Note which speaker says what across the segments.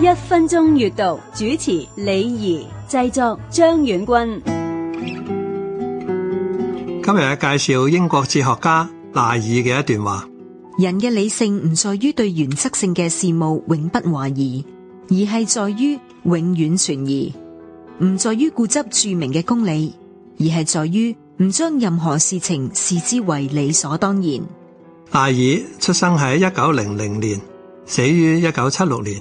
Speaker 1: 一分鐘閱讀，主持李儀製作張遠君。
Speaker 2: 今日嘅介紹英國哲學家賴爾嘅一段話：
Speaker 1: 人嘅理性唔在於對原則性嘅事務永不懷疑，而係在於永遠存疑；唔在於固執著名嘅公理，而係在於唔將任何事情視之為理
Speaker 2: 所當然。賴爾出生喺一九零零年，死於一九七六年。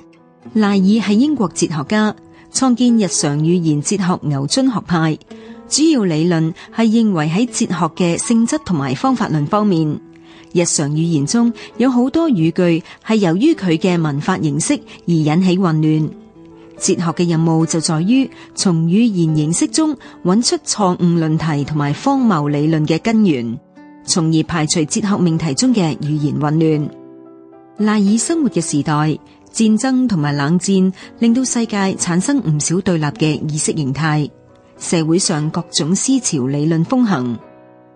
Speaker 1: 賴爾係英國哲學家，創建日常語言哲學牛津學派。主要理論係認為喺哲學嘅性質同埋方法論方面，日常語言中有好多語句係由於佢嘅文法形式而引起混亂。哲學嘅任務就在於從語言形式中揾出錯誤論題同埋荒謬理論嘅根源，從而排除哲學命題中嘅語言混亂。賴爾生活嘅時代。戰爭同埋冷戰令到世界產生唔少對立嘅意識形態，社會上各種思潮理論風行，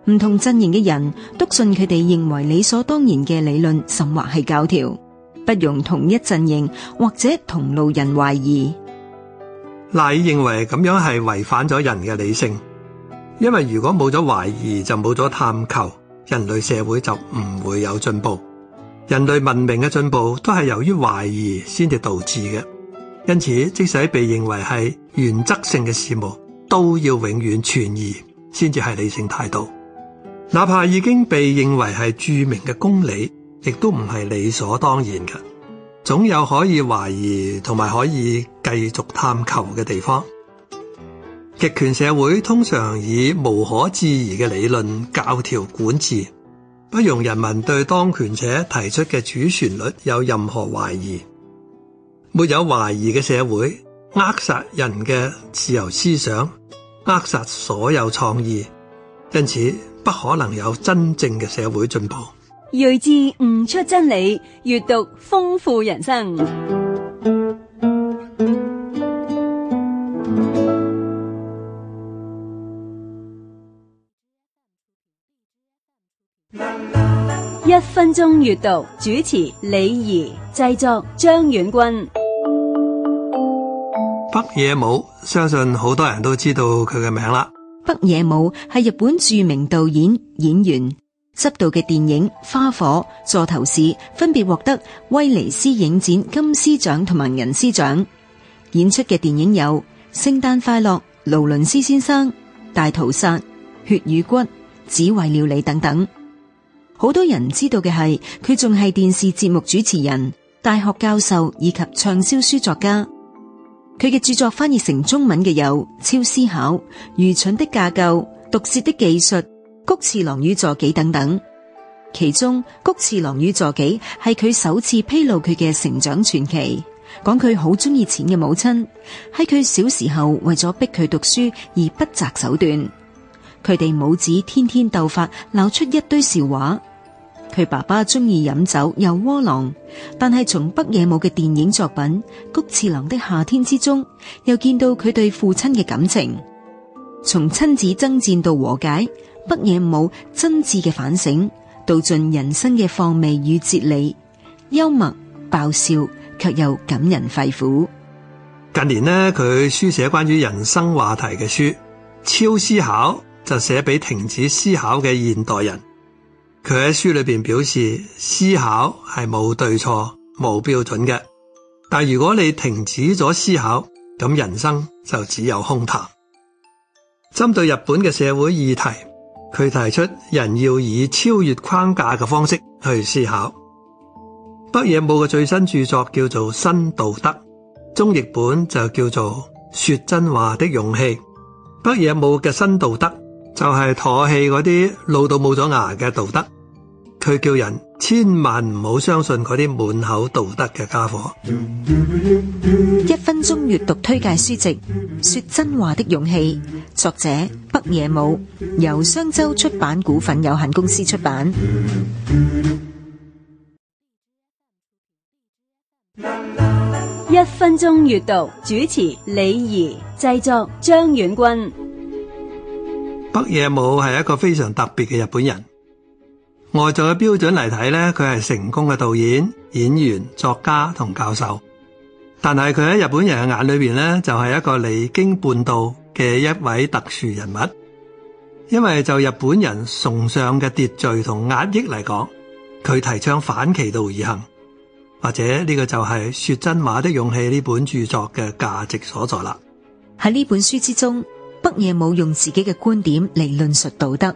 Speaker 1: 唔同陣營嘅人篤信佢哋認為理所當然嘅理論，甚或係教條，不容同一陣營或者同路人懷疑。
Speaker 2: 賴認為咁樣係違反咗人嘅理性，因為如果冇咗懷疑就冇咗探求，人類社會就唔會有進步。人類文明嘅進步都係由於懷疑先至導致嘅，因此即使被認為係原則性嘅事務，都要永遠存疑先至係理性態度。哪怕已經被認為係著名嘅公理，亦都唔係理所當然嘅，總有可以懷疑同埋可以繼續探求嘅地方。極權社會通常以無可置疑嘅理論教條管治。不容人民對當權者提出嘅主旋律有任何懷疑，沒有懷疑嘅社會，扼殺人嘅自由思想，扼殺所有創意，因此不可能有真正嘅社會進步。
Speaker 1: 睿智悟出真理，閱讀豐富人生。一分鐘閱讀主持李怡，製作張遠軍。
Speaker 2: 北野武相信好多人都知道佢嘅名啦。
Speaker 1: 北野武係日本著名導演、演員，執導嘅電影《花火》《座頭市》分別獲得威尼斯影展金獅獎同埋銀獅獎。演出嘅電影有《聖誕快樂》《勞倫斯先生》《大屠殺》《血與骨》《只為了你》等等。好多人知道嘅係佢仲，係電視節目主持人、大學教授以及暢銷書作家。佢嘅著作翻譯成中文嘅有《超思考》、《愚蠢的架構》、《毒舌的技術》、《菊次郎與佐紀》等等。其中《菊次郎與佐紀》係佢首次披露佢嘅成長傳奇，講佢好中意錢嘅母親喺佢小時候為咗逼佢讀書而不擇手段，佢哋母子天天鬥法，鬧出一堆笑話。佢爸爸中意飲酒又窩囊，但係從北野武嘅電影作品《菊次郎的夏天》之中，又見到佢對父親嘅感情。從親子爭戰到和解，北野武真摯嘅反省，道盡人生嘅況味與哲理，幽默爆笑，卻又感人肺腑。
Speaker 2: 近年呢，佢書寫關於人生話題嘅書，《超思考》，就寫俾停止思考嘅現代人。佢喺書裏邊表示，思考係冇對錯、冇標準嘅。但如果你停止咗思考，咁人生就只有空談。針對日本嘅社會議題，佢提出人要以超越框架嘅方式去思考。北野武嘅最新著作叫做《新道德》，中譯本就叫做《說真話的勇氣》。北野武嘅新道德就係唾棄嗰啲老到冇咗牙嘅道德。佢叫人千萬唔好相信嗰啲滿口道德嘅家伙。
Speaker 1: 一分鐘閱讀推介書籍《說真話的勇氣》，作者北野武，由商周出版股份有限公司出版。一分鐘閱讀主持李怡，製作張遠
Speaker 2: 軍。北野武係一個非常特別嘅日本人。外在嘅標準嚟睇咧，佢係成功嘅導演、演員、作家同教授。但係佢喺日本人嘅眼裏邊咧，就係一個離經叛道嘅一位特殊人物。因為就日本人崇尚嘅秩序同壓抑嚟講，佢提倡反其道而行，或者呢個就係、是、說真話的勇氣呢本著作嘅價值所在啦。喺呢本書之中，
Speaker 1: 北野武用自己嘅觀點嚟論述道德。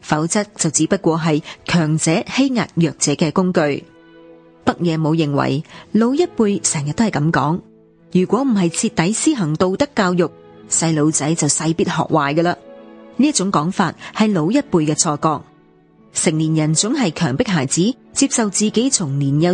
Speaker 1: 否則就只不過係強者欺壓弱者嘅工具。北野武認為老一輩成日都係咁講，如果唔係徹底施行道德教育，細路仔就勢必學壞嘅啦。呢一種講法係老一輩嘅錯覺，成年人總係強迫孩子接受自己從年幼。